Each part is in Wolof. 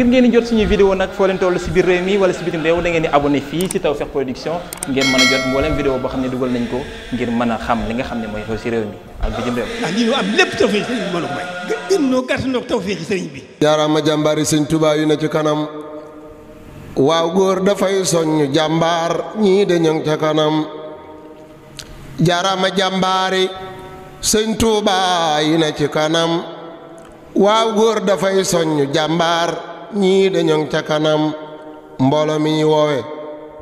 ngir ngeen di jot suñuy vidéo nag foo leen toll si biir réew mi wala si bitim réew da ngeen di abonné fii si Tawfekh Production ngeen mën a jot mboolem vidéo boo xam ne dugal nañ ko ngir mën a xam li nga xam ne mooy xew si réew mi ak bitim réew. ndax ah, lii ñu am lépp Tawfekh sëriñ bi mën a may. gën noo sëñ Tuubaa yu ne ci kanam waaw góor dafay soññ jàmbaar ñii de ñoŋ ca kanam jaaraama jàmbaari sëñ Tuubaa yu ne ci kanam waaw góor dafay soññ jàmbaar ñii dañoo ca kanam mboolo mi ñu woowe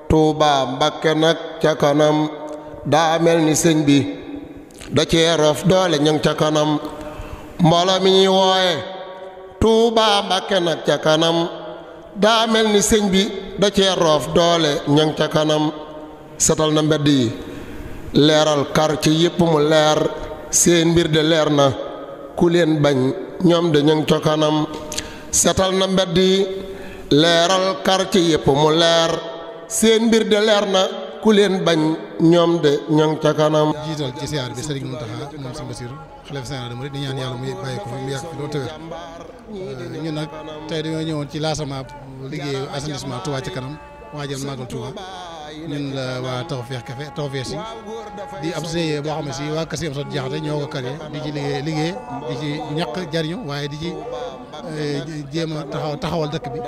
Tuuba Mbàkke nag ca kanam daa mel ni sëñ bi da cee rof doole ñoo ca kanam mboolo mi ñu woowe Tuuba Mbàkke nag ca kanam daa mel ni sëñ bi da cee roof doole ñoo ca kanam setal na mbedd yi leeral kar ci yépp mu leer seen mbir leer na ku leen bañ ñoom de ñoo ca kanam setal na mbedd yi leeral quartier yépp mu leer seen mbir de leer na ku leen bañ ñoom de ñoŋ ca kanam. jiital ci siyaar bi Serigne Mountakha moom Serigne Bassirou xalifa général des mourides di ñaan yàlla mu bàyyi ko mu yàgg fi loolu tawér euh, ñun nag tey dañoo ñëwoon ci laasama liggéeyu assainissement Touba ci kanam waajal màggal Touba ñun la waa Tawfekh Café Tawfekh si di ab GIE boo xam ne si waa Sot Diakhaté ñoo ko créé di ci liggéey liggéey di ci ñaq jariñu waaye Eh, jéem a taxaw taxawal dëkk bi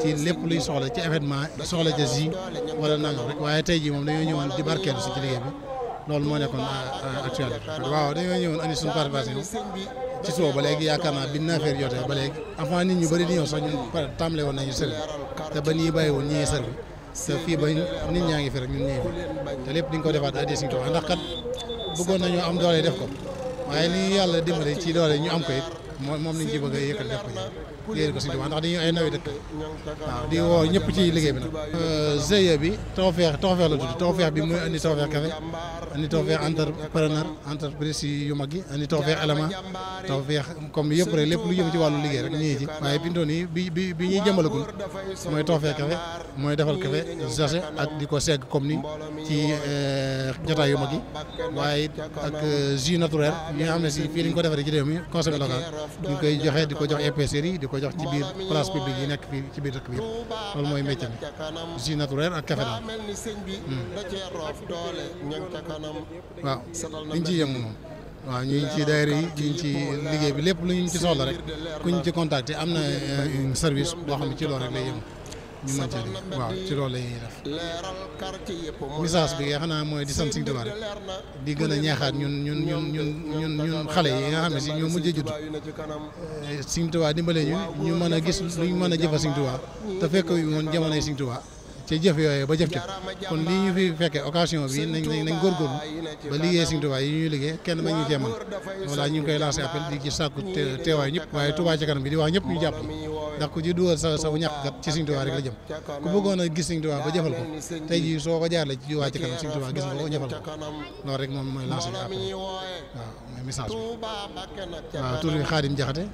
ci lépp luy soxla ci événement soxla ca si wala nangam rek waaye tey jii moom dañoo ñëwoon di barkeelu si ci liggéey bi loolu moo nekkoon ah, ah, actualité waaw dañoo ñëwoon andi suñu participation ci suba ba léegi yaakaar naa bi naafeer jotee ba léegi avant nit ñu bëri di ñëw sax ñun tàmbale woon nañu servi te ba nii bàyyi woon ñii servi te fii ba nit ñaa ngi fi rek ñun te lépp di ko defaat addi si ndax kat bëggoon moom moom lañ ci bëgg a yëkkal def ko ci liggéey ko Sëñ Tuubaa ndax dañuy ay nawet dëkk waaw di woo ñëpp ci liggéey bi nag euh, GIE bi tawfeex tawfeex la tudd tawfeex bi muy andi tawfeex café andi tawfeex entrepreneur entreprise yu mag yi andi tawfeex élément tawfeex comme yëpp rek lépp lu jëm ci wàllu liggéey rek ñu ngi ci waaye pinto nii bi ñuy bi ñuy jëmbalagul mooy tawfeex café mooy defal café sachet ak di ko segg comme ni ci euh, jotaay yu mag yi waaye ak euh, jus naturel yi nga xam si fii ko defaree ci réew mi consommé local ñu koy joxe di ko jox épicerie yi di ko jox ci biir place publique yi nekk fii ci biir dëkk bi yëpp loolu mooy métier bi jus naturel ak café daal hmm. waaw liñ ciy yëngu moom waaw ñu ngi ci daayira yi ñu ngi ci liggéey bi lépp lu ñu ci soxla rek ku ñu ci contacter am na euh, service boo xam ne ci loolu rek lay yëngu ñu mën cee waaw ci loolu la ñuy def message bi nga xam naa mooy di sant Sëñ Tuubaa rek di gën a ñaaxaat ñun ñun ñun ñun ñun ñun xale yi nga xam ne si ñoo mujjee judd eh, Sëñ Tuubaa dimbale ñu ñu mën a gis lu ñu mën a jëfa Sëñ Tuubaa te fekk yu woon jamonoy Sëñ Tuubaa ca jëf yooyee ba jëf ci kon lii ñu fi fekkee occasion bi nañ nañ góorgóorlu ba liggéey Sëñ Tuubaa yi ñuy liggéey kenn bañ ñu cee mën voilà ñu ngi koy lancé appel di ci sàkku teewaay ñëpp waaye Tuubaa ca kanam bi di wax ñëpp ñu jàpp ndax ku ji duwal sa saw ñàkk kat ci Sëriñ Tuubaa rek la jëm ku bëggoon a gis Sëriñ ba jëfal ko tey jii soo ko jaarale ci Tuubaa ci kanam Sëriñ gis nga ko jëfal ko loolu rek moom mooy lancé bi après waaw mooy message bi Xaadim Jaxate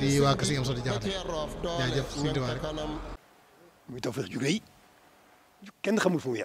di waa kër Sëriñ Amsatu Jaxate jaajëf Sëriñ Tuubaa rek muy tawfeex ju rëy kenn xamul fu mu